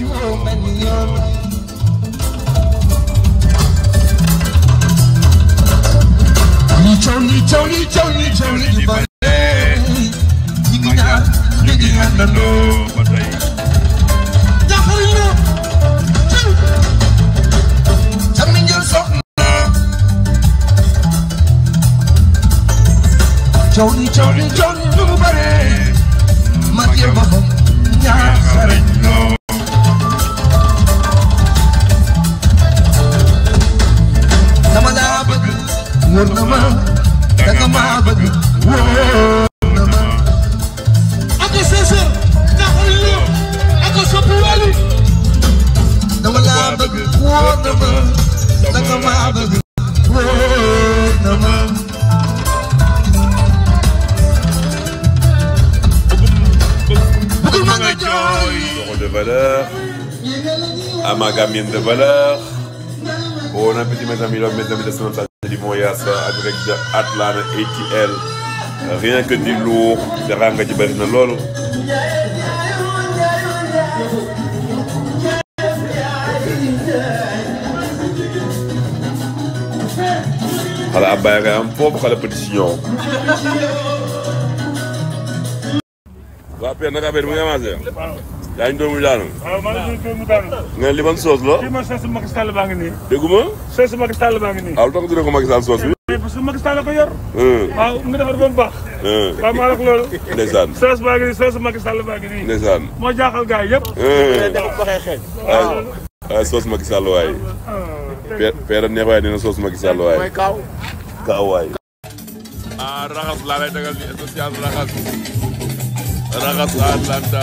يوما يوما Tony, Tony, Tony, Tony, Tony, Tony, Tony, Tony, Tony, nobody. My dear mother, yes. nga maa bëgg wóor na ma ak a sësër ndax lu ak a sopp wàllu dama laa bëgg wóor na ma da nga maa bëgg wóor na ma bëgguma nga jooy joxo de valeur ama gamine de valeur bon appétit mes amis, mes amis de di Moyaasa ak rek de Atlana ATL rien que di luux teranga ji bari na loolu xale ab baay nga am foofu xale daañu doomu daanu. waaw maa ngi doomu daanu. nga ne li man soos la. lii man soosu Macky Sall baa ngi nii. déggu ma. soosu Macky Sall baa ngi nii. waaw ah, lu tax tuddee ko Macky Sall soos bi. parce que Macky Sall la ko yor. waaw mu ngi defar ba mu baax. waaw maa ngi loolu. ndeysaan soos baa ngi nii soosu Macky Sall baa ngi nii. ndeysaan moo jaaxal gars yëpp. waaw soos Macky Sall waay. peera neex waay nee na soos Macky Sall waay. kaaw kaaw waay. ah raxas laa lay dagal ni association raxas raxas Atlanta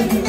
Thank you.